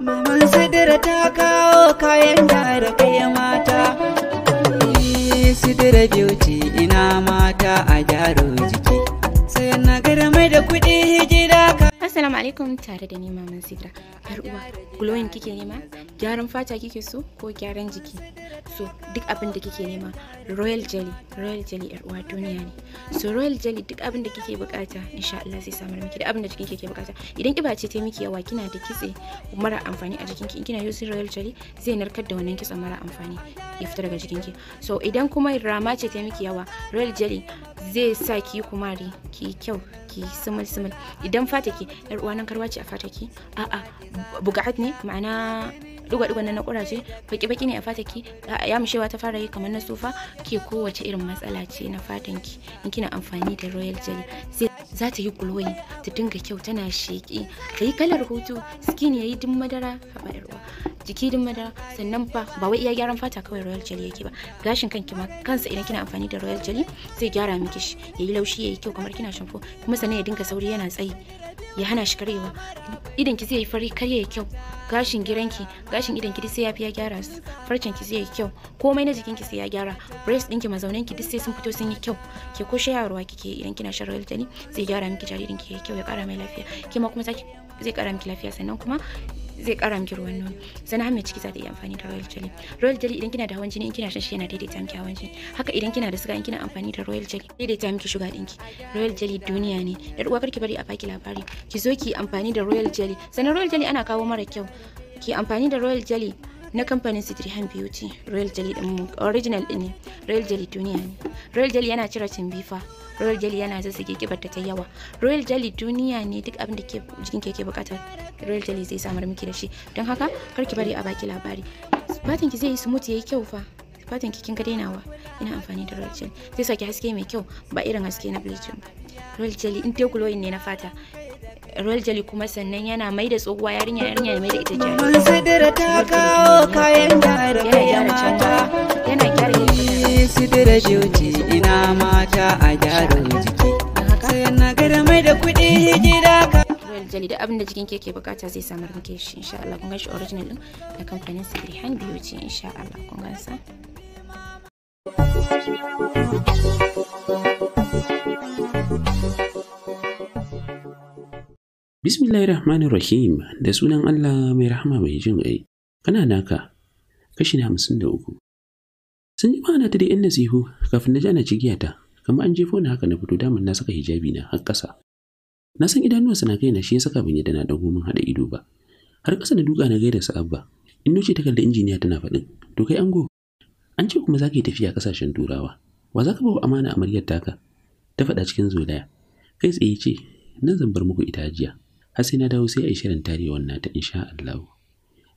Maman sidira ta kawo kayan da kai mata. Sidira beauty ina mata a gyaro jiki. Sai na gara mai da kuɗi gida ka alaikum tare da ni maman sidra yar uwa glowing kike nema gyaran fata kike so ko gyaran jiki so duk abin da kike nema royal jelly royal jelly yar uwa duniya ne so royal jelly duk abin da kike bukata insha Allah sai samar miki duk abin da jikin kike bukata idan kiba ce tai miki yawa kina da kitse mara amfani a jikinki in kina using royal jelly zai narkar da wannan kitsen mara amfani ya fita daga ki so idan kuma rama ce tai miki yawa royal jelly zai sa ki yi kumari ki kyau ki yi simal idan fata ke yar uwa nan karwaci a fata ke a'a bugat ne ma'ana duga duga na kuraje baki-baki ne a fata ki ya mushewa ta fara yi kamar na sofa ke kowace irin matsala ce na fatan ki in kina amfani da royal jelly sai za ta yi glowing ta dinga kyau tana sheƙi ta yi kalar hutu skin ya yi din madara haɓa yarwa jiki din madara sannan fa ba wai iya gyaran fata kawai royal jelly yake ba gashin kanki ma kansa idan kina amfani da royal jelly zai gyara miki shi yayi laushi yayi kyau kamar kina shampoo kuma sannan ya dinga sauri yana tsayi ya hana shi karyewa idan ki zai fari kar ya kyau gashin giranki gashin idan ki sai ya fi ya gyara su farcen ki zai yi kyau komai na jikin ki sai ya gyara breast ki mazaunin ki duk sai sun fito sun yi kyau ke ko shayarwa kike idan kina shan royal jelly zai gyara miki jaririn ki ya kyau ya kara mai lafiya kima kuma zai kara miki lafiya sannan kuma zai kara miki ruwan nono sannan har mai ciki za ta iya amfani da royal jelly royal jelly idan kina da hawan jini in kina shan shi yana daidaita miki hawan jini haka idan kina da suga in kina amfani da royal jelly daidaita miki shuga dinki royal jelly duniya ne yar uwa karki bari a baki labari ki zo ki amfani da royal jelly sannan royal jelly ana kawo mara kyau ki amfani da royal jelly na kamfanin Citrihan Beauty Royal Jelly din mu original din ne Royal Jelly duniya ne Royal Jelly yana cire cimbifa Royal Jelly yana zazzage kibar ta ta yawa Royal Jelly duniya ne duk abin da ke jikin ke bukata Royal Jelly zai samar miki da shi don haka kar ki bari a baki labari fatin ki zai yi smooth yayi kyau fa fatan ki kin ga dainawa ina amfani da Royal Jelly zai saki haske mai kyau ba irin haske na bleaching ba Royal Jelly in dai glowing ne na fata royal jelly kuma sannan yana mai da tsohuwa yarinya yarinya ya mai da ita jari sidira ta kawo kayan gyara kai mata yana gyara yin sidira ina mata a mai da kuɗi hijira ka royal jelly da abin da jikin ke ke bukata zai samar muke shi insha Allah kun gashi original din da kamfanin Sidri Hand Beauty insha Allah kun gansa. rahim da sunan Allah mai rahama mai jin ƙai. Kana naka kashi na hamsin da uku. Sun yi ma'ana ta da ‘yan nasihu kafin na ji ana giya ta, kamar an jefo ni haka na fito damar na saka hijabi na har ƙasa. Na san kai na kaina shi ya saka ban yadda na ɗago min haɗa ido ba. Har ƙasa na duka na gaida su abba. In ce ta kalli injiniya tana faɗin, to kai ango. An ce kuma za ka yi tafiya ƙasashen turawa. Wa za ka ba amana amaryar taka? Ta faɗa cikin zolaya. Kai tsaye ce, nan zan bar muku ita jiya. har sai na dawo sai a yi shirin tarewar nata insha Allah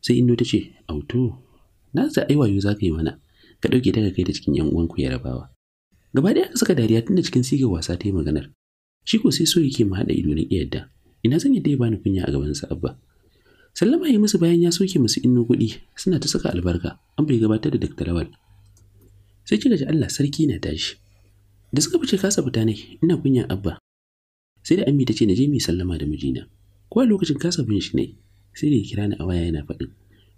sai indo ta ce auto na za ai wayo za ka yi mana ka ɗauke daga kai da cikin yan uwanku ya rabawa gaba ɗaya aka saka dariya tunda cikin sigar wasa ta yi maganar shi ko sai so yake ma haɗa ido na ƙi ina zan yi ya bani kunya a gaban sa abba sallama ya musu bayan ya soke musu inno kuɗi suna ta saka albarka an bai gabatar da Dr. lawal sai kika ji Allah sarki na tashi da suka fice kasa fita ne ina kunya abba sai da ammi ta ce na je mu sallama da mijina ko lokacin kasa bin shi ne sai da ya kira ni a waya yana faɗin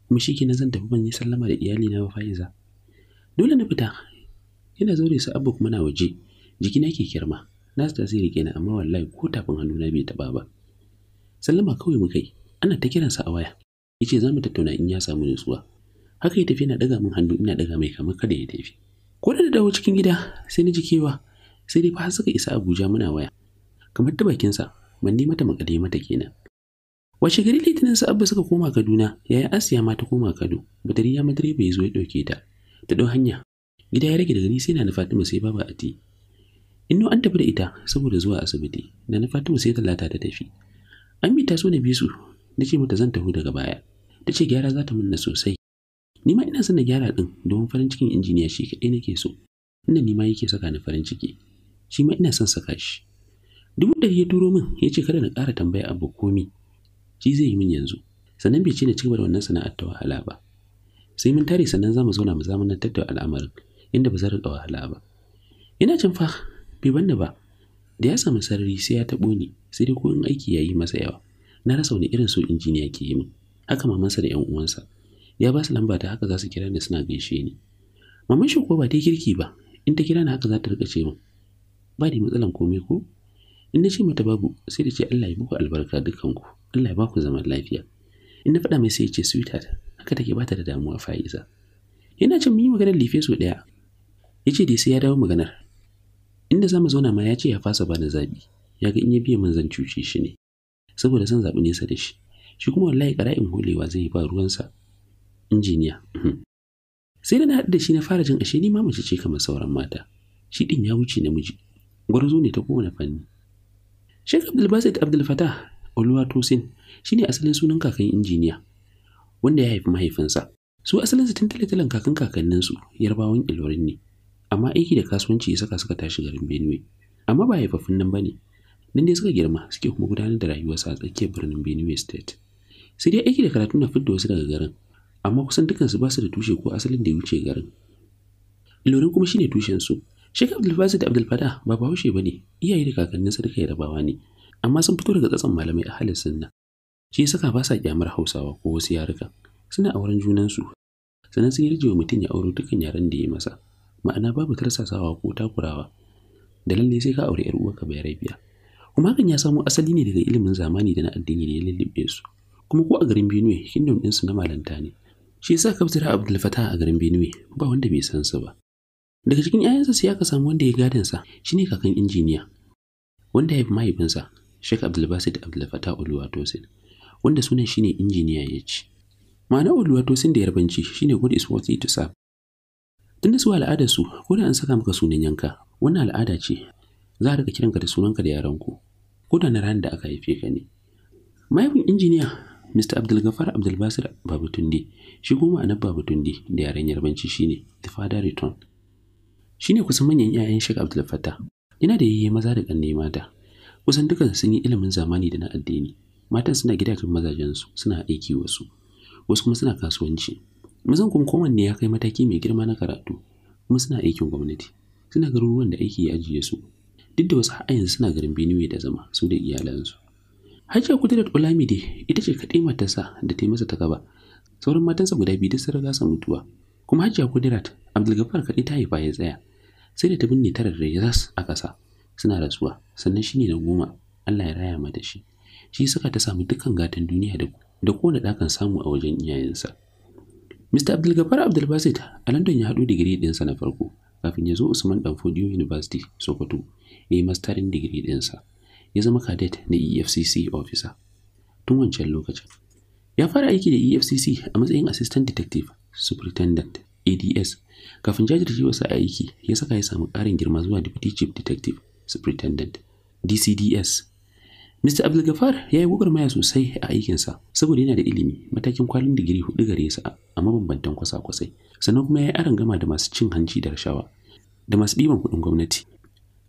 kuma shi kenan zan tafi ban yi sallama da iyali na ba fa'iza dole na fita yana zaure su abu kuma na waje na ke kirma na su zai rike ni amma wallahi ko tafin hannu hannuna bai taɓa ba sallama kawai mu kai, ana ta kiransa a waya ya ce za mu tattauna in ya samu nutsuwa haka ya tafi yana ɗaga min hannu ina ɗaga mai kamar kada ya tafi ko da dawo cikin gida sai na ji kewa sai dai fa har suka isa abuja muna waya kamar ta bakinsa ban mata makale mata kenan Wace gari litinin su abba suka koma Kaduna, yaya Asiya ma ta koma Kado, Badari ya madare bai zo ya ɗauke ta, ta ɗau hanya. Gida ya rage da gani sai na Fatima sai baba Ati. Inno an tafi da ita saboda zuwa asibiti, na Fatima sai Talata ta tafi. An bi ta so na bisu, na ce mata zan taho daga baya. Ta ce gyara za ta munna sosai. Ni ma ina son na gyara ɗin domin farin cikin injiniya shi kaɗai nake so. Inda ni ma yake saka ni farin ciki. Shi ma ina son saka shi. Duk ɗari ya turo min ya ce kada na ƙara tambaya abu komi. shi zai yi min yanzu sannan bai ce na cigaba da wannan sana'ar ta wahala ba sai mun tare sannan za mu zauna mu zamanar da al'amarin inda ba zan riƙa wahala ba ina cin fa bai banda ba da ya samu sarari sai ya taɓo ni sai dai ko in aiki ya yi masa yawa na rasa wani irin so injiniya ke yi min haka mamansa da 'yan uwansa ya ba su lamba ta haka za su kira ni suna gaishe ni maman shi ko ba ta kirki ba in ta kira ni haka za ta rika ce min ba ni matsalan komai ko in na ce mata babu sai da ce Allah ya muku albarka dukanku Allah ya ba ku zaman lafiya in na faɗa mai sai ya ce sweetheart haka take ba ta da damuwa fa'iza yana cin yi maganar life so ɗaya ya ce dai sai ya dawo maganar inda za mu zauna ma ya ce ya fasa bani zaɓi ya ga in ya biya man zan cuce shi ne saboda zan zaɓi nesa da shi shi kuma wallahi ƙara'in holewa zai ba ruwansa injiniya uhm. sai da na haɗu da shi na fara jin ashe ni ma mace ce kamar sauran mata shi ɗin ya wuce namiji gwarzo ne ta kowane fanni Sheikh Abdul Basit Abdul Fatah Oluwatosin shi ne asalin sunan kakan injiniya wanda ya haifi mahaifinsa. Su asalinsu tun talatalan kakan kakanninsu yarbawan ilorin ne, amma aiki da kasuwanci ya saka suka tashi garin Benue. Amma ba haifaffun nan ba ne, nan dai suka girma suke kuma gudanar da sa a tsakiyar birnin Benue State. Sai dai aiki da karatu na fidda wasu daga garin, amma kusan dukansu ba su da tushe ko asalin da ya wuce garin. Ilorin kuma shi ne tushensu. Sheikh Abdulfazi da Abdulfada ba bahaushe ba ne, iyaye da kakanninsa duka yarabawa ne. amma sun fito daga tsatson malamai a halin sunna shi ya saka ba sa kyamar hausawa ko wasu yaruka suna auren junansu sannan sun yarje wa mutum ya auro dukkan yaren da ya masa ma'ana babu tarsasawa ko takurawa da lalle sai ka aure yar uwarka bai rabiya kuma hakan ya samo asali ne daga ilimin zamani da na addini da ya lullube su kuma ko a garin Benue kingdom ɗinsu na malanta ne shi yasa kaftira Abdul fata a garin Benue ba wanda bai san su ba daga cikin 'ya'yansa sai aka samu wanda ya gadansa Shi shine kakan injiniya wanda ya mahaifinsa Sheikh Abdul Fatah Oluwatosin wanda sunan shine injiniya ya ce. Ma'ana Oluwatosin da yarbanci shine God is worthy to serve. Tunda su al'adar su ko da an saka maka sunan yanka wannan al'ada ce za a rika kiranka da sunan ka da yaran ku. ko da na ranar da aka haife ka ne. Mahaifin injiniya Mr. Abdulgafar Abdulbasir Babatunde shi kuma ma'anar Babatunde da yaren yarbanci shine The Father Return. ne kusan manyan 'ya'yan Sheikh Fatah. Yana da yayye maza da ƙanne mata. kusan dukan sun yi ilimin zamani da na addini matan suna gidajen mazajensu suna aiki wasu wasu kuma suna kasuwanci mazan kuma ne ya kai mataki mai girma na karatu kuma suna aikin gwamnati suna garuruwan da aiki ya ajiye su duk da wasu har yanzu suna garin Benue da zama su da iyalansu Hajiya Kudirat Olamide ita ce kaɗai matarsa da ta yi masa ta gaba sauran matansa guda biyu duk sun riga sun mutuwa kuma Hajiya Kudirat Abdulgafar kaɗai ta haifa ya tsaya sai da ta binne tarar da a ƙasa suna rasuwa sannan shi ne na goma Allah ya raya mata shi shi saka ta samu dukkan gatan duniya da da kowane ɗakan samu a wajen iyayensa Mr. abdul Basit a London ya haɗo digiri ɗinsa na farko kafin ya zo Usman Danfodiyo University Sokoto ya yi mastarin digiri ɗinsa ya zama cadet na EFCC officer tun wancan lokacin ya fara aiki da EFCC a matsayin assistant detective superintendent ADS kafin jajirce a aiki ya saka ya samu ƙarin girma zuwa deputy chief detective Superintendent DCDS. Mr. Abdulgafar ya yi gwagwarmaya sosai a aikinsa saboda yana da ilimi matakin kwalin digiri hudu gare sa a mabambantan kwasa-kwasai sannan kuma ya yi aron gama da masu cin hanci da rashawa da masu ɗiban kuɗin gwamnati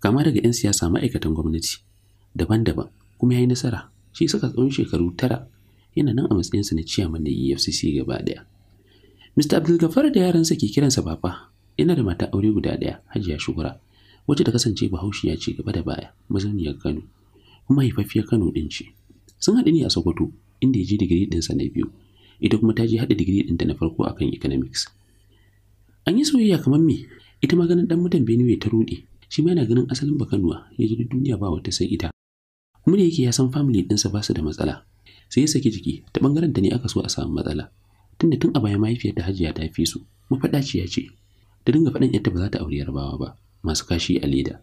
kama daga 'yan siyasa ma'aikatan gwamnati daban-daban kuma ya yi nasara shi saka tsawon shekaru tara yana nan a matsayinsa na ciyaman da EFCC gaba ɗaya. Mr. Abdulgafar da yaransa ke kiransa baba yana da mata aure guda ɗaya Hajiya Shukura wacce ta kasance bahaushiya ce gaba da baya mazauniyar kano kuma haifaffiyar kano ɗin ce sun haɗu ne a sokoto inda ya je digiri ɗinsa na biyu ita kuma ta je haɗa digiri ɗinta na farko a kan economics an yi soyayya kamar me ita ma ɗan mutan benue ta ruɗe shi ma yana ganin asalin bakanuwa ya ji duniya ba wata sai ita kuma da yake ya san family ɗinsa ba su da matsala sai ya saki jiki ta bangaren ta ne aka so a samu matsala tunda tun a baya mahaifiyar ta hajiya ta fi su mafaɗaciya ce ta dinga faɗin yadda ba za ta aure yarbawa ba masu kashi a leda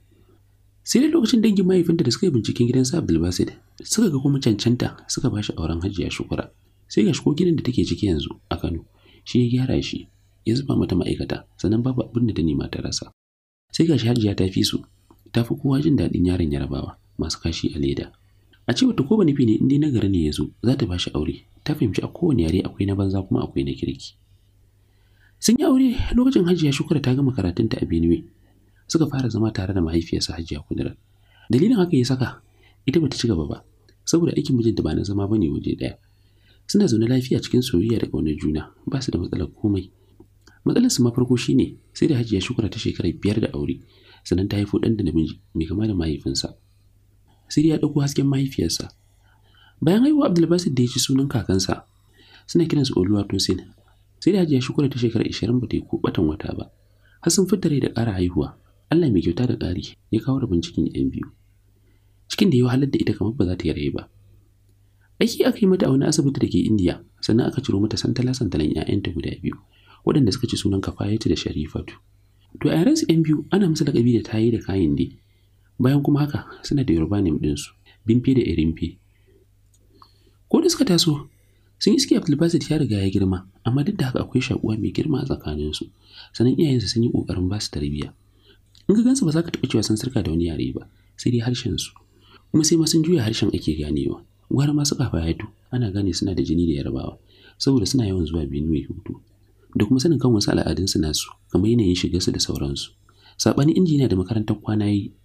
sai dai lokacin dangin mahaifinta da suka yi binciken gidan gidansa abdulbasid suka ga kuma cancanta suka ba shi auren hajiya shukura sai ga ko gidan da take ciki yanzu a kano shi ya gyara shi ya zuba mata ma'aikata sannan babu abin da ta nema ta rasa sai ga shi hajiya ta fi su ta fi kowa jin daɗin yaron yarabawa masu kashi a leda a ce ta ko bani ne in dai na ne ya zo za ta ba shi aure ta fahimci a kowane yare akwai na banza kuma akwai na kirki sun yi aure lokacin hajiya shukura ta gama karatunta a benue suka fara zama tare da mahaifiyarsa Hajiya Kudirat. Dalilin haka ya saka ita bata ci gaba ba saboda aikin mijinta ba na zama bane waje daya. Suna zaune lafiya cikin soyayya da ƙaunar juna, ba su da matsalar komai. Matsalar su ma farko shine sai da Hajiya Shukura ta shekara biyar da aure, sannan ta haifo ɗan da namiji mai kama da mahaifinsa. Sai ya dauko hasken mahaifiyarsa. Bayan haihuwa Abdulbasit da ya ci sunan kakansa, suna kiran su Oluwa Tosin. Sai da Hajiya Shukura ta shekara ishirin ba ta yi ko batan wata ba. Har sun fitare da ƙara haihuwa Allah mai kyauta da ƙari ya kawo rabin cikin yan biyu cikin da ya wahalar da ita kamar ba za ta yi rai ba aiki aka yi mata a wani asibiti da ke indiya sannan aka ciro mata santala santalan 'ya'yanta guda biyu waɗanda suka ci sunan kafayatu da sharifatu to a su 'yan biyu ana musu laƙabi da tayi da kayan dai bayan kuma haka suna da yoruba name ɗinsu bimfe da irimfe ko da suka taso sun yi iske abdulbasit ya riga ya girma amma duk da haka akwai shakuwa mai girma a tsakaninsu sannan iyayensu sun yi ƙoƙarin ba su tarbiyya in ka gansu ba za ka taɓa cewa sun sirka da wani yare ba sai dai harshen su kuma sai ma sun juya harshen ake ganewa gwara masu kafa yato ana gane suna da jini da yarbawa saboda suna yawan zuwa Benue hutu da kuma sanin kan wasu al'adun al'adunsu nasu kamar yanayin shigarsu da sauransu sabani injiniya da makarantar kwana yi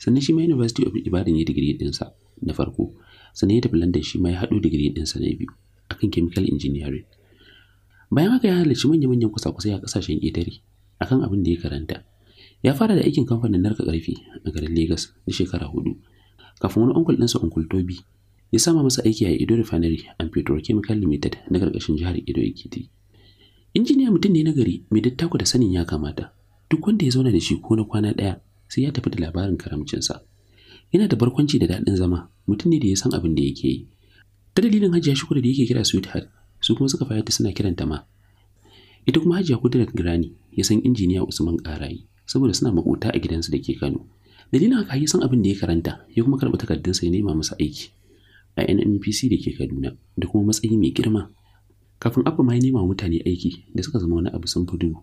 sannan shi ma University of Ibadan ya digiri ɗinsa na farko sannan ya tafi London shi ma ya haɗo digiri ɗinsa na biyu akan chemical engineering bayan haka ya halarci manya-manyan kusa-kusai a ƙasashen ƙetare akan abin da ya karanta ya fara da aikin kamfanin narka karfi a garin Legas na shekara hudu kafin wani onkul ɗinsa onkul Tobi ya sama masa aiki a Edo Refinery and Petrochemical Limited na karkashin jihar Edo Ekiti. Injiniya mutum ne na gari mai dattako da sanin ya kamata duk wanda ya zauna da shi ko na kwana ɗaya sai ya tafi da labarin karamcinsa. Yana da barkwanci da daɗin zama mutum ne da ya san abin da yake yi. Ta dalilin hajiya shukuru da yake kira sweetheart su kuma suka fahimta suna kiranta ma ita kuma hajiya kudirat girani ya san injiniya usman karayi saboda suna makota a gidansu da ke Kano. Dalilin haka ya san abin da ya karanta ya kuma karɓi takardunsa ya nema masa aiki a NNPC da ke Kaduna da kuma matsayi mai girma. Kafin Abba ma ya nema mutane aiki da suka zama wani abu sun fi duhu.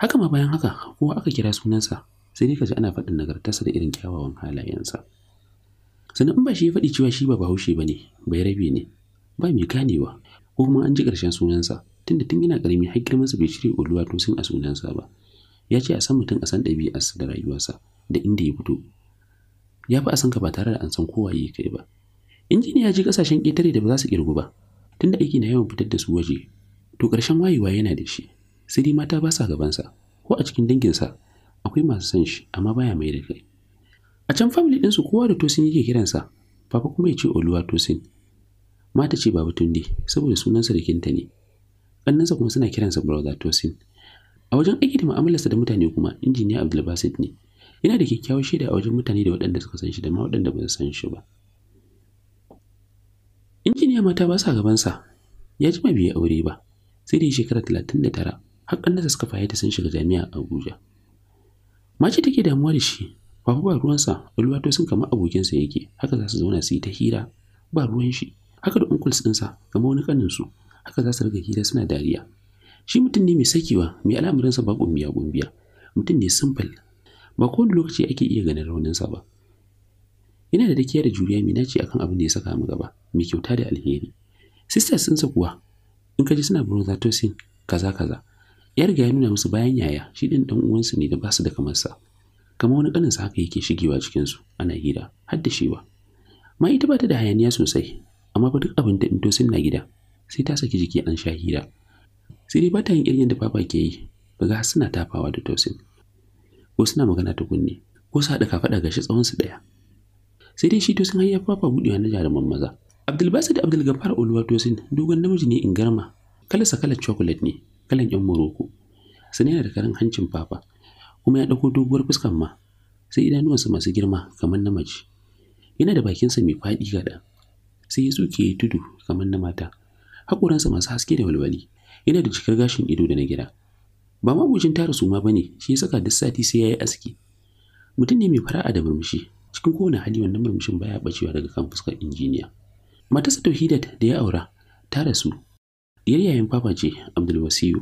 Haka ma bayan haka kowa aka kira sunansa sai dai kaji ana faɗin nagartarsa da irin kyawawan halayensa. Sannan in ba shi ya faɗi cewa shi ba bahaushe ba ne, bai rabe ne, ba mai ganewa, ko kuma an ji ƙarshen sunansa tunda tun yana ƙarami har girmansa bai cire oluwa to sun a sunansa ba. ya ce a san mutum a san ɗabi'arsa da rayuwarsa da inda ya fito ya fi a san ka ba tare da an san kowa ya kai ba injiniya ya ji ƙasashen ƙetare da ba za su ƙirgu ba tunda aiki na yawan fitar da su waje to ƙarshen wayewa yana da shi sai dai mata ba sa gabansa ko a cikin danginsa akwai masu san shi amma baya mai da kai a can family ɗinsu kowa da tosin yake kiransa papa kuma ya ce oluwa tosin mata ce baba tunde saboda sunansa da kinta ne ƙannansa kuma suna kiransa brother tosin a wajen aiki da mu'amalarsa da mutane kuma injiniya abdulbasit ne yana da kyakkyawar shaida a wajen mutane da waɗanda suka san shi da ma waɗanda ba su san shi ba injiniya mata ba sa gabansa ya ji jima biye aure ba sai da shekara talatin da tara har ƙannarsa suka san sun shiga jami'a a abuja mace take damuwa da shi ba ba ruwansa ulwato sun kama abokinsa yake haka za su zauna su yi ta hira ba ruwan shi haka da uncles ɗinsa kama wani kaninsu haka za su riga hira suna dariya shi mutum ne mai sakewa mai al'amuransa ba kumbiya kumbiya mutum ne simple ba kowane lokaci ake iya ganin rauninsa ba yana da dakiya da juriya mai naci akan abin da ya saka mu gaba mai kyauta da alheri sisters sun kuwa in ka ji suna brother tosin kaza kaza Yar riga ya nuna musu bayan yaya shi ɗin ɗan uwansu ne da ba su da kamar sa kamar wani ƙaninsa haka yake shigewa cikin su ana hira har da shewa ma ita ba ta da hayaniya sosai amma ba duk abin da in tosin na gida sai ta saki jiki an sha hira sai dai ba ta yin irin yadda papa ke yi ba ga suna tafawa da tosin ko suna magana ta kunne ko su haɗa kafaɗa ga shi tsawon su ɗaya sai dai shi tosin har ya papa buɗewa na jaruman maza abdulbasir da abdulgafar oluwa tosin dogon namiji ne in garma kalarsa kalar chocolate ne kalan yan moroko. sani yana da karin hancin papa kuma ya ɗauko doguwar fuskan ma sai idanuwansa masu girma kamar na mace yana da bakinsa mai faɗi gaɗa sai ya tsuke tudu kamar na mata haƙoransa masu haske da walwali yana da cikar gashin ido da na gida. ba mabucin tara suma ba ne shi ya saka duk sati sai ya yi aski mutum ne mai fara'a da murmushi cikin kowane hali wannan murmushin baya bacewa daga kan fuskar injiniya matarsa tauhidat da ya aura ta rasu diyar yayin papa ce Abdul wasiyu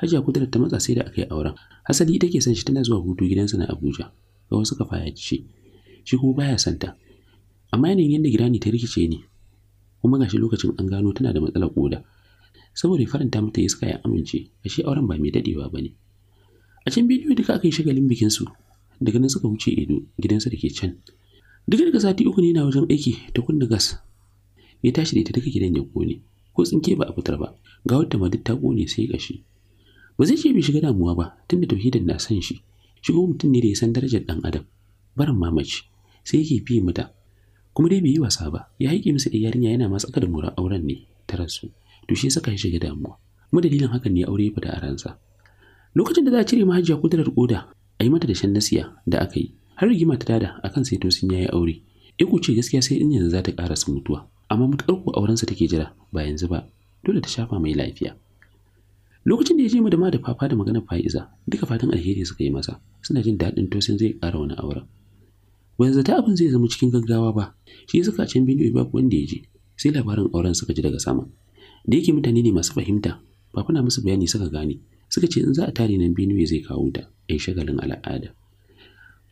hajiya kudrat ta matsa sai da aka yi auren hasali take ke son shi tana zuwa hutu gidansa na abuja ga wasu kafaya ce shi kuma baya santa amma yanayin yadda girani ta rikice ne kuma gashi lokacin an gano tana da matsalar koda saboda faranta mata iska ya amince ashe auren ba mai dadewa ne. a can bidiyo duka aka yi shagalin bikin su daga nan suka wuce ido, gidansa da ke can duk daga sati uku ne na wajen aiki ta kunna gas ya tashi da ita daga gidan ya kone ko tsinke ba a fitar ba ga wadda ma duk ta kone sai kashi ba zai ce bai shiga damuwa ba tunda tauhidin na san shi shigo mutum ne da ya san darajar dan adam barin mamaci sai yake fiye mata kuma dai bai yi wasa ba ya haike musu da yarinya yana matsaka da mura auren ne ta rasu to shi saka shi shiga damuwa mu dalilin hakan ne aure ya fita a ransa lokacin da za a cire mahajiya kudurar koda a yi mata da shan nasiya da aka yi har rigima ta tada akan sai to sun yayi aure iku ce gaskiya sai in yanzu za ta karasa mutuwa amma matuƙar ko aurensa take jira ba yanzu ba dole ta shafa mai lafiya lokacin da ya je mu da ma da fafa da maganar fa'iza duka fatan alheri suka yi masa suna jin daɗin tosin zai ƙara wani auren ban zata abin zai zama cikin gaggawa ba shi suka can bini babu wanda ya je sai labarin auren suka ji daga sama da yake mutane ne masu fahimta ba fana musu bayani suka gane suka ce in za a tare nan Benue zai kawo ta ai shagalin al'ada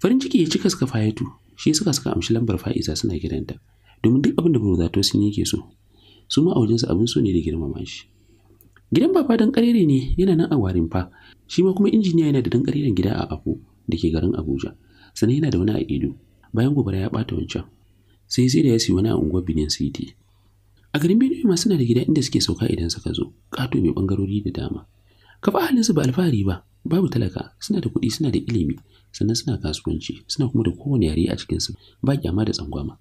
farin ciki ya cika suka fayatu shi suka suka amshi lambar fa'iza suna kiranta domin duk abin da zato sun yake so su ma a wajensu abin so ne da girmama shi gidan baba dan karere ne yana nan a warin fa shi ma kuma injiniya yana da dan kareren gida a Abu da ke garin Abuja sannan yana da wani a Ido bayan gobara ya bata wancan sai sai da ya siyi wani a unguwar Benin City a garin Benue ma suna da gida inda suke sauka idan suka zo ƙato mai bangarori da dama kafa halinsu ba alfahari ba babu talaka suna da kuɗi suna da ilimi sannan suna kasuwanci suna kuma da kowane yare a cikinsu ba kyama da tsangwama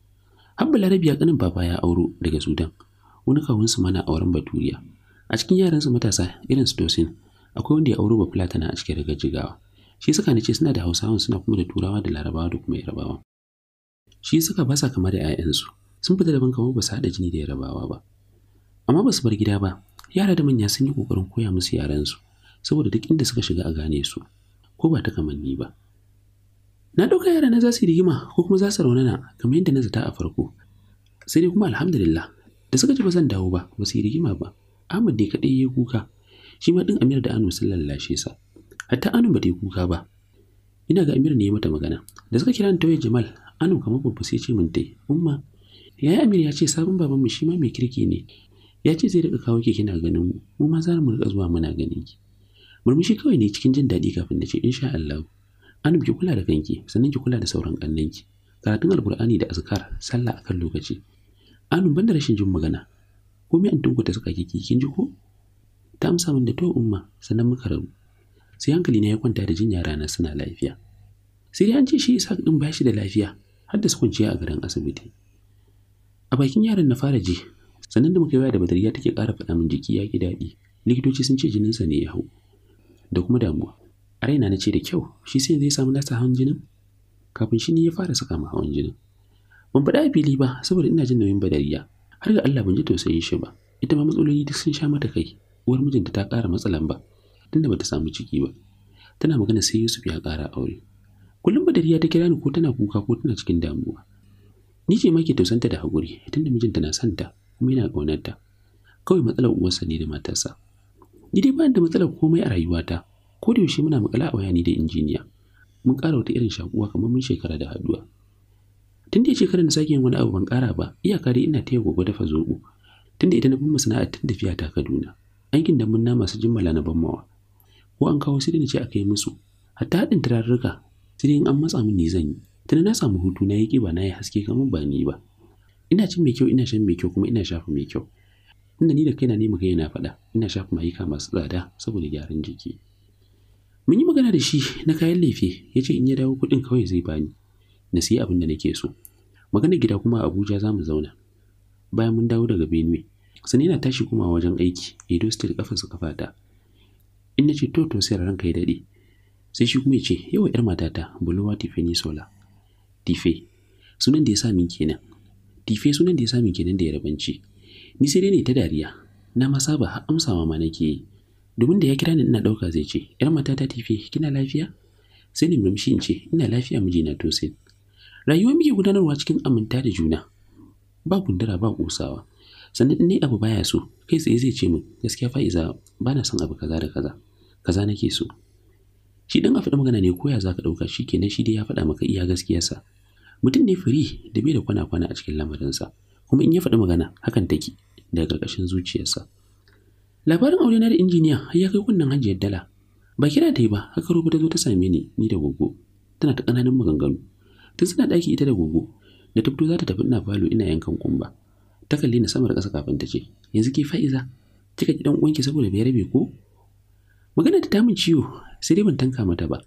habba larabiya kanin baba ya auro daga sudan wani kawunsu mana auren baturiya a cikin yaransu matasa irin su dosin akwai wanda ya auro ba fulatana a cikin rigar jigawa shi suka nace suna da hausawan suna kuma da turawa da larabawa da kuma yarabawa shi suka basa kama da 'ya'yansu sun fita daban kamar ba su haɗa jini da yarabawa ba amma ba su bar gida ba yara da manya sun yi ƙoƙarin koya musu yarensu saboda duk inda suka shiga a gane su ko ba ta kamanni ba na ɗauka yara na za su yi rigima ko kuma za su raunana kamar yadda na zata a farko sai dai kuma alhamdulillah da suka ji ba zan dawo ba ba su yi rigima ba Ahmad ne kaɗai ya kuka shi ma ɗin Amir da Anu sun lallashe sa hatta Anu ba ta yi kuka ba ina ga Amir ne ya mata magana da suka kira ni tauye Jamal Anu kamar babba sai ce min yi. umma ya yaya amir ya ce sabon baban mu shi ma mai kirki ne ya ce zai rika kawo ki kina ganin mu mu ma za mu rika zuwa muna ganin ki murmushi kawai ne cikin jin daɗi kafin da ce insha Allah an ki kula da kanki sannan ki kula da sauran ki. karatun alkur'ani da azkar sallah akan lokaci anum da rashin jin magana Ko komai an ta suka kiki kin ji ko ta amsa min da to umma sannan muka rabu sai hankali na ya kwanta da jin yara na suna lafiya sai an ce shi isa din bashi da lafiya har da su kwanciya a garin asibiti a bakin yaron na fara ji sannan da muka yi waya da badariya take ƙara faɗa min jiki ya ki daɗi likitoci sun ce jininsa ne ya hau da kuma damuwa a raina na ce da kyau shi sai zai samu nasa hawan jinin kafin shi ne ya fara saka mu hawan jinin ban faɗa a fili ba saboda ina jin nauyin badariya har ga Allah ban ji tausayin shi ba ita ma matsaloli duk sun sha mata kai uwar mijinta ta ƙara matsalan tun tunda bata samu ciki ba tana magana sai Yusuf ya ƙara aure kullum Badariya ta kira ni ko tana kuka ko tana cikin damuwa ni ce ma ke tausanta da haƙuri tunda mijinta na santa kuma yana ƙaunarta kawai matsalar uwarsa ne da matarsa ni dai bayan da matsalar komai a rayuwata ko da yaushe muna maƙala a waya ni da injiniya mun ƙara wata irin shakuwa kamar mun shekara da haduwa tun da shekarar da sake yin wani abu ban ƙara ba iyaka dai ina taya gobe dafa zoɓo tun da ita na bin sana'a tun tafiya ta Kaduna aikin da mun na masu jimmala na ban mawa ko an kawo sai da ce a kai musu hatta haɗin turarruka sai dai in an matsa min ne zan yi tun na samu hutu na yi kiba na yi haske kamar ba ni ba ina cin mai kyau ina shan mai kyau kuma ina shafa mai kyau Tunda ni da kaina ne muka yana faɗa ina shafa mayuka masu tsada saboda gyaran jiki mun yi magana da shi na kayan lefe ya ce in ya dawo kuɗin kawai zai bani na siya abin da nake so maganar gida kuma a abuja za mu zauna bayan mun dawo daga benue sani yana tashi kuma wajen aiki edo state su kafata in na ce to to sai ranka ya daɗe sai shi kuma ya ce yawa yar matata bulowa tifani sola Tife. Sunan da ya sa min kenan. Tife sunan da ya sa min kenan da ya rabanci. Ni sai dai ne ta dariya. Na ma saba har amsa ma nake yi. Domin da ya kira ni ina ɗauka zai ce, ‘yar mata ta Tife, kina lafiya?’ sai ni murmushi in ce ina lafiya mijina tosin rayuwa muke gudanarwa cikin aminta da juna ba gundura ba kusawa sannan ne abu baya so kai tsaye zai ce min gaskiya fa'iza ba na son abu kaza da kaza kaza nake so shi dan a faɗi magana ne koya zaka ɗauka shi kenan shi dai ya faɗa maka iya gaskiyarsa mutum ne fari da bai da kwana-kwana a cikin lamarinsa kuma in ya faɗi magana hakan take daga ƙarƙashin zuciyarsa labarin aure na da injiniya har ya kai kunnen hajiyar dala ba kira ta yi ba haka rubu ta zo ta same ni ni da gogo tana ta ƙananan maganganu tun suna ɗaki ita da gogo da ta za ta tafi ina falo ina yankan kumba ta kalli na sama da ƙasa kafin ta ce yanzu ke fa'iza kika ki dan uwanki saboda bai rabe ko magana ta min ciwo sai dai ban tanka mata ba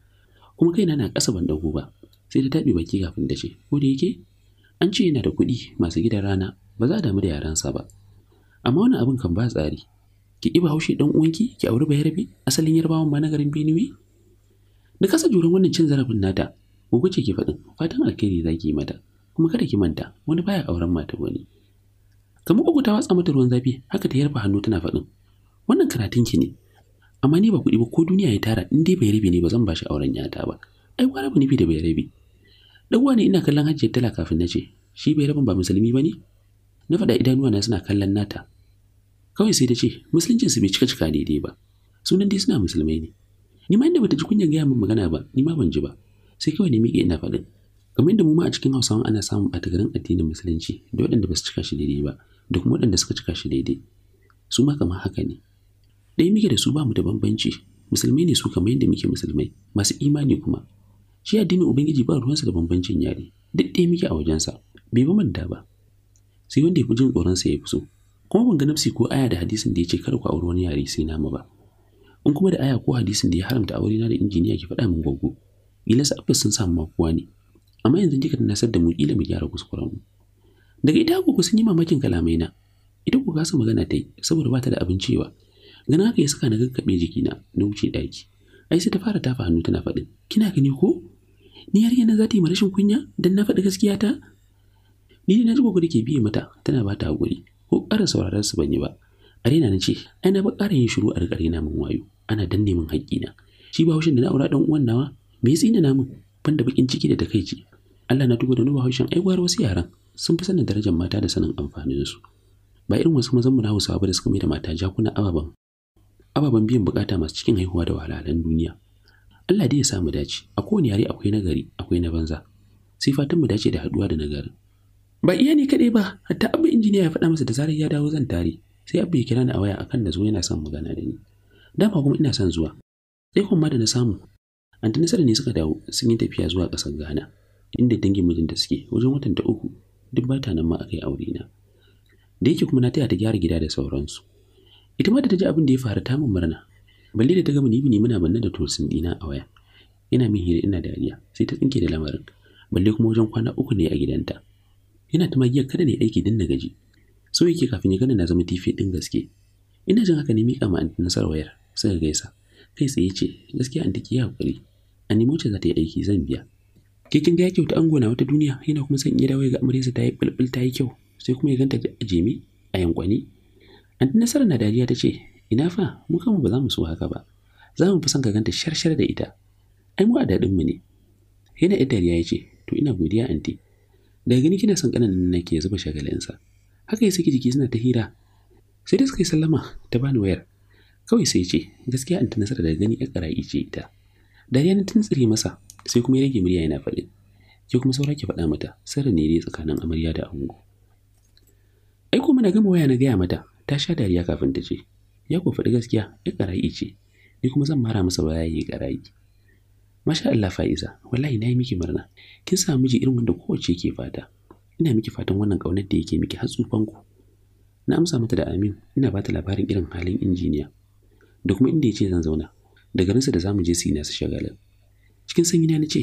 kuma kaina na ƙasa ban dago ba sai ta taɓe baki kafin ta ce ko da yake an ce yana da kuɗi masu gidan rana ba za a damu da yaransa ba amma wani abin kan ba tsari ki iba haushe ɗan uwanki ki auri bayarabi? asalin yarbawan ma na garin benue da kasa juran wannan cin zarafin nata gobe ce ki faɗin fatan alkhairi za ki yi mata kuma kada ki manta wani baya auren mata wani kamar uku ta watsa mata ruwan zafi haka ta yarfa hannu tana faɗin wannan karatun ki ne amma ni ba kuɗi ba ko duniya ya tara in dai bai rabe ne ba zan ba shi auren yata ba ai gwara ba nufi da bai rabe dan wani ina kallon hajji dala kafin na ce shi bai rabin ba musulmi ba ne na faɗa na suna kallon nata kawai sai ta ce su bai cika cika daidai ba sunan dai suna musulmai ne ni ma inda bata ji kunyar gaya min magana ba ni ma ban ji ba sai kawai ne miƙe ina faɗin kamar yadda mu ma a cikin hausawan ana samun ɓatagarin addinin musulunci da waɗanda ba su cika shi daidai ba da kuma waɗanda suka cika shi daidai su ma kamar haka ne ɗaya muke da su ba mu da bambanci musulmai ne su kamar yadda muke musulmai masu imani kuma shi addinin ubangiji ba ruwansa da bambancin yare duk ɗaya muke a wajensa bai ba manta ba sai wanda ya fi jin tsoronsa ya fi so kuma ban ga nafsi ko aya da hadisin da ya ce kar ku auri wani yare sai nama ba in kuma da aya ko hadisin da ya haramta aure na da injiniya ki faɗa min gwaggo ila sa abbas sun samu makuwa ne amma yanzu kika nasar da mu kila mu gyara kuskuren mu daga ita ku sun yi mamakin kalamai na ita ku kasa magana ta yi saboda ba ta da abin cewa ganin haka ya saka na gaggabe jikina na wuce ɗaki ai sai ta fara tafa hannu tana faɗin kina gani ko ni yarinya nan za ta yi rashin kunya dan na faɗi gaskiya ta ni na ji gogo ke biye mata tana bata ta hakuri ko ƙara sauraron su ban yi ba arena na ce ai na ba ƙara yin shiru a rigar rena min wayo ana danne min na. shi ba haushin da na aura dan uwan nawa me ya tsina na min ban da bakin ciki da takaici Allah na tuba da nuba haushin ai wasu yaran sun fi sanin darajar mata da sanin amfanin su ba irin wasu mazan mu na Hausawa ba da suka mai da mata jakuna ababen ababen biyan bukata masu cikin haihuwa da wahalhalan duniya Allah dai ya sa mu dace a kowane yare akwai nagari akwai na banza sai fatan mu dace da haduwa da nagarin ba iya ni kaɗai ba hatta abba injiniya ya faɗa masa da zarar ya dawo zan tare sai abba ya kira ni a waya akan da zo yana son magana da ni dama kuma ina son zuwa sai kuma da na samu anti nasara ne suka dawo sun yi tafiya zuwa ƙasar ghana inda dangin mijinta suke wajen watan ta uku duk bata nan ma aka yi aure na da yake kuma na taya ta gyara gida da sauransu ita ma da ta ji abin da ya faru ta mun murna balle da ta gama nibi ne muna manne da tosin dina a waya ina min hira ina dariya sai ta tsinke da lamarin balle kuma wajen kwana uku ne a gidanta ina ta magiyar kada ne aiki din na gaji so yake kafin ya gana na zama tife din gaske ina jin haka ne mika ma anti nasar wayar suka gaisa kai tsaye ce gaskiya anti ki hakuri an nemo ce za ta yi aiki zan biya ke kin ga ya kyauta ango na wata duniya yana kuma san iya dawo ga amaryarsa ta yi bulbul ta yi kyau sai kuma ya ganta a jemi a yankwani anti nasara na dariya ta ce ina fa mu kama ba za mu so haka ba za mu fi son ka ganta sharshar da ita ai mu a daɗin mu ne yana dariya ya ce to ina godiya anti daga gani kina son ƙananan nake zuba shagalinsa haka ya saki jiki suna ta hira sai da suka yi sallama ta bani wayar kawai sai ce gaskiya anti nasara daga gani ya ƙara'i ce ita dariya na tuntsire masa sai kuma ya rage murya yana faɗin ke kuma saura ki faɗa mata sirri ne dai tsakanin amarya da ango ai kuma na gama waya na gaya mata ta sha dariya kafin ta ce ya ku faɗi gaskiya ya ƙara'i ce ni kuma zan mara masa baya ya ƙara'i masha Allah fa'iza wallahi na yi miki murna kin sa miji irin wanda kowace ke fata ina miki fatan wannan ƙaunar da yake miki har tsufanku na amsa mata da amin ina ba ta labarin irin halin injiniya da kuma inda ya ce zan zauna da garinsa da zamu je su yi nasu shagalin cikin sanyi na ce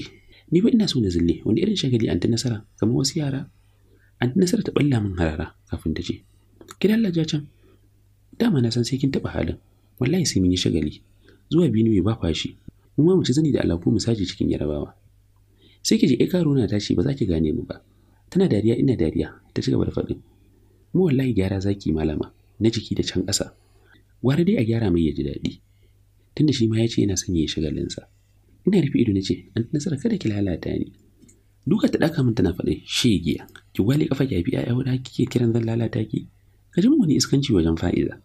ni ba ina so na zille wani irin shagali an ta nasara kamar wasu yara an ta nasara ta balla min harara kafin ta ce ki ja can dama na san sai kin taɓa halin wallahi sai mun yi shagali zuwa ya ba fashi mu ma mu zani da alaku mu saje cikin yarabawa sai ki je ai karo na tashi ba za ki gane mu ba tana dariya ina dariya ta ci gaba da faɗin mu wallahi gyara zaki malama na jiki da can ƙasa gwara dai a gyara mai ya ji daɗi tunda shi ma ya ce yana son ya yi shagalinsa ina rufe ido na ce an nasara kada ki lalata ni duka ta ɗaka min tana faɗi shegiya ki wale kafa ki haifi ƴaƴa kike kiran zan lalata ki ka ji wani iskanci wajen fa'iza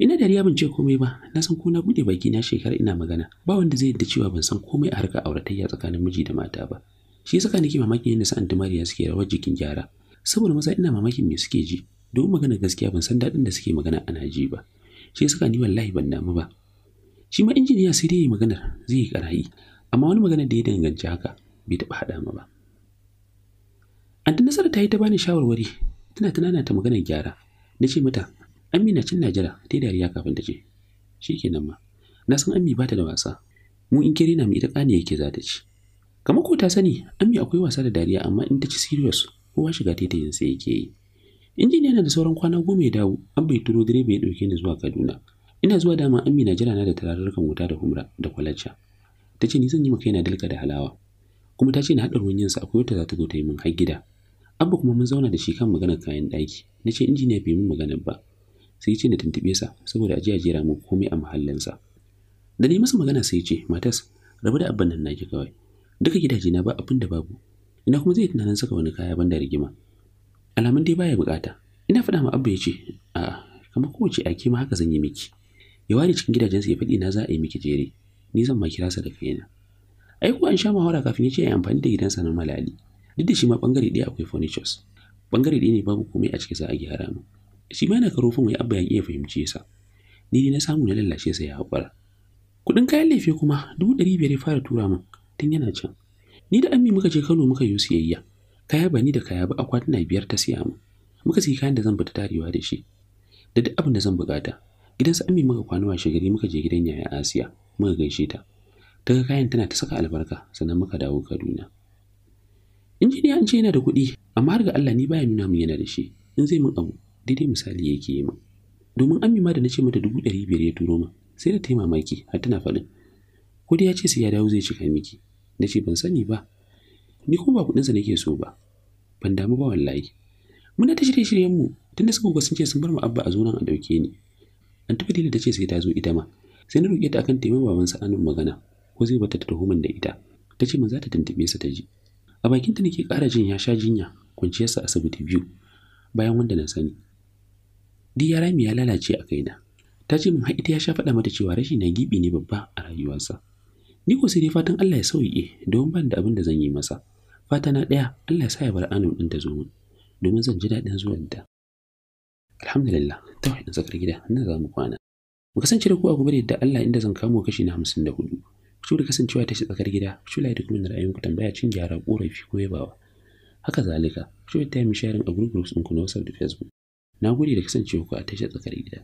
Ina dariya ban ce komai ba, na san ko na bude baki na shekara ina magana. Ba wanda zai yadda cewa ban san komai a harkar auratayya tsakanin miji da mata ba. Shi saka nake mamakin yadda Aunt Mariya suke rawar jikin gyara. Saboda maza ina mamakin me suke ji. Domin magana gaskiya ban san daɗin da suke magana ana ji ba. Shi saka ni wallahi ban damu ba. Shi ma injiniya sai dai yi maganar zai yi karayi. Amma wani magana da ya danganci haka bai taɓa haɗa mu ba. Anti Nasara ta yi ta bani shawarwari tana tunana ta maganar gyara. Na ce mata Amina cin Najira ta yi dariya kafin ta ce, shi kenan ma, na san Ami ba ta da wasa, mu in kere na mu ita ƙani yake za ta ci. Kamar ko ta sani, Ami akwai wasa da dariya amma in ta ci serious, kowa shiga yin sai yake yi. Injiniya na da sauran kwana goma ya dawo, an bai turo direba ya ɗauke ni zuwa Kaduna. Ina zuwa dama Ami na na da tararrukan wuta da humra da kwalacca. Ta ce ni zan yi maka yana dalka da halawa. Kuma ta ce na haɗa ruwan yinsa akwai wata za ta zo ta yi min har gida. Abba kuma mun zauna da shi kan maganar kayan ɗaki. Na ce injiniya bai min maganar ba. sai ce na tuntube sa saboda a jera mu komai a mahallinsa da ne masa magana sai ce matas rabu da abban nan naki kawai duka gidaje na ba abin da babu ina kuma zai tunanin saka wani kaya banda rigima alamun dai baya bukata ina faɗa ma abba ya ce a'a kamar kowace ake ma haka zan yi miki ya ware cikin gidajensa ya faɗi na za a yi miki jere ni zan ma kira sa da kaina ai ko an sha mahawara kafin ya ce amfani da gidansa na malali duk da shi ma bangare ɗaya akwai furnitures bangare ɗaya ne babu komai a ciki za a gyara mu shi ma yana karo mu ya abba ya iya fahimce sa ni ne na samu na lallashe sa ya haƙura kuɗin kayan lefe kuma dubu ɗari biyar ya fara tura min tun yana can ni da ammi muka je kano muka yi siyayya kaya ba ni da kaya ba akwatuna biyar ta siya min muka siya kayan da zan bata tarewa da shi da duk abin da zan bukata gidan su ammi muka kwana washe gari muka je gidan yaya asiya muka gaishe ta ta ga kayan tana ta saka albarka sannan muka dawo kaduna injiniya an ce yana da kuɗi amma har ga allah ni baya nuna mun yana da shi in zai min abu daidai misali yake yi min domin ammi ma da na ce mata dubu ɗari biyar ya turo min sai da ta yi mamaki har tana faɗin ko dai ya ce sai ya dawo zai cika miki na ce ban sani ba ni kuma ba kuɗinsa nake so ba ban damu ba wallahi muna ta shirye shiryen mu tun da suka sun ce sun bar mu abba a zo nan a ɗauke ni an tafi dila ta ce sai ta zo ita ma sai na roƙe ta akan taimakon baban sa'anin magana ko zai bata ta tuhumin da ita ta ce min za ta tuntuɓe sa ta ji a bakinta nake ƙara jin ya sha jinya kwanciyarsa asibiti biyu bayan wanda na sani duk ya rami ya lalace a kaina ta ce min ita ya sha faɗa mata cewa rashi na gibi ne babba a rayuwarsa ni ko sai dai fatan Allah ya sauke don ban da abin da zan yi masa fata na ɗaya Allah ya sa ya bar anum ɗin ta zo min domin zan ji daɗin zuwanta alhamdulillah ta wani zakar gida ina za mu kwana mu kasance da ku a gobe da Allah inda zan kamo kashi na hamsin da hudu ku da kasancewa ta shi tsakar gida ku da kuma ku tambaya cin gyara ƙorafi ko yabawa haka zalika ku ta yi mishayarin a gurgurus ɗinku na WhatsApp da Facebook Na gode da kasancewa ku a tashar tsakar gida.